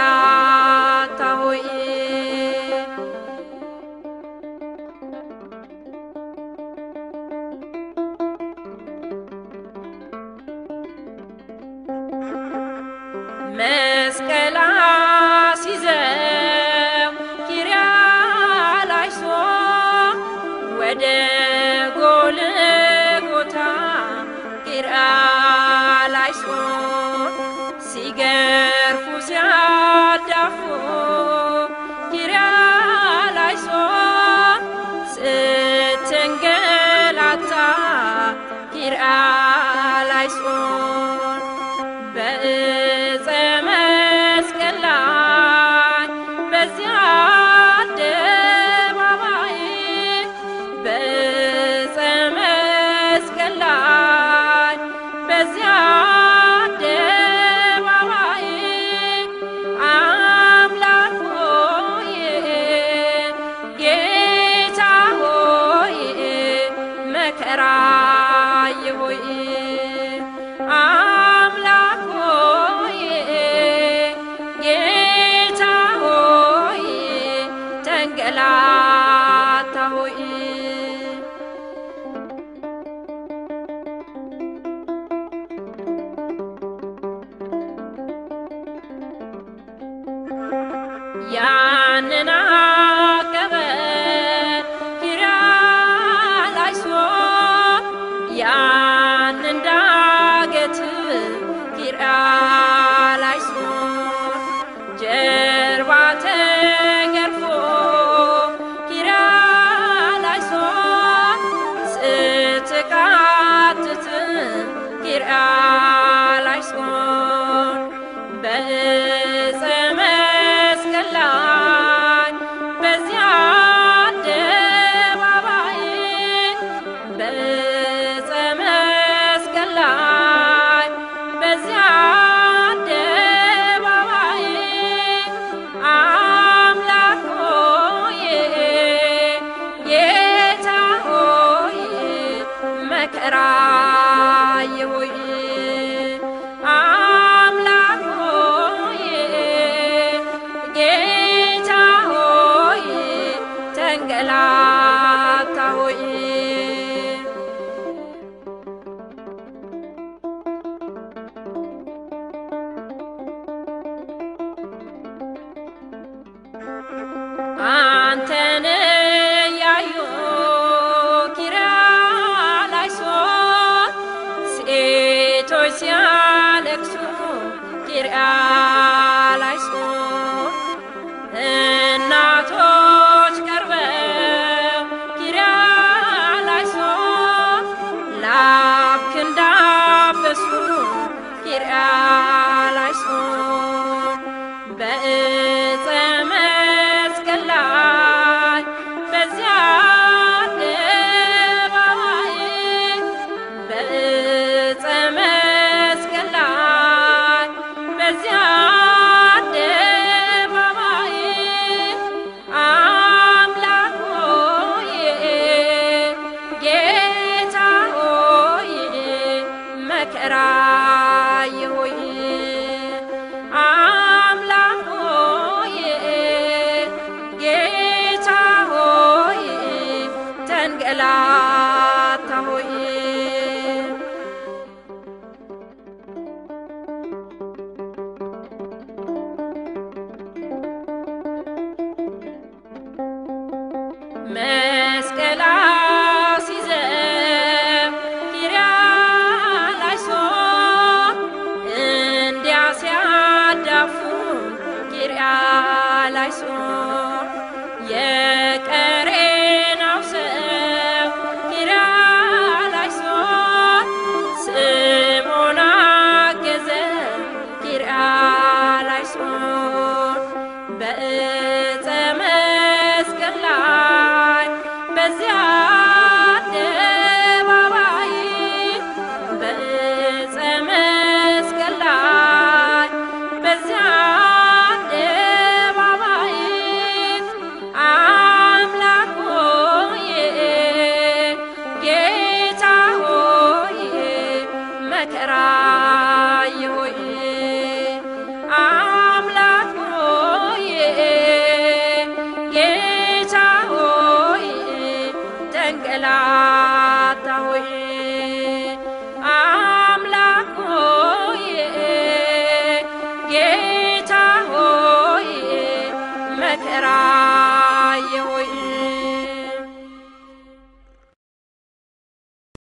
መላእክት ሆይ መስቀል አስይዘው ኪርያላይሶ ወደ ጎልጎታ ኪርያ it out. ያንን አቀበ ኪርያላይሶ ጀርባ ተገርፎ ኪርያላይሶ ስትቃትት get out.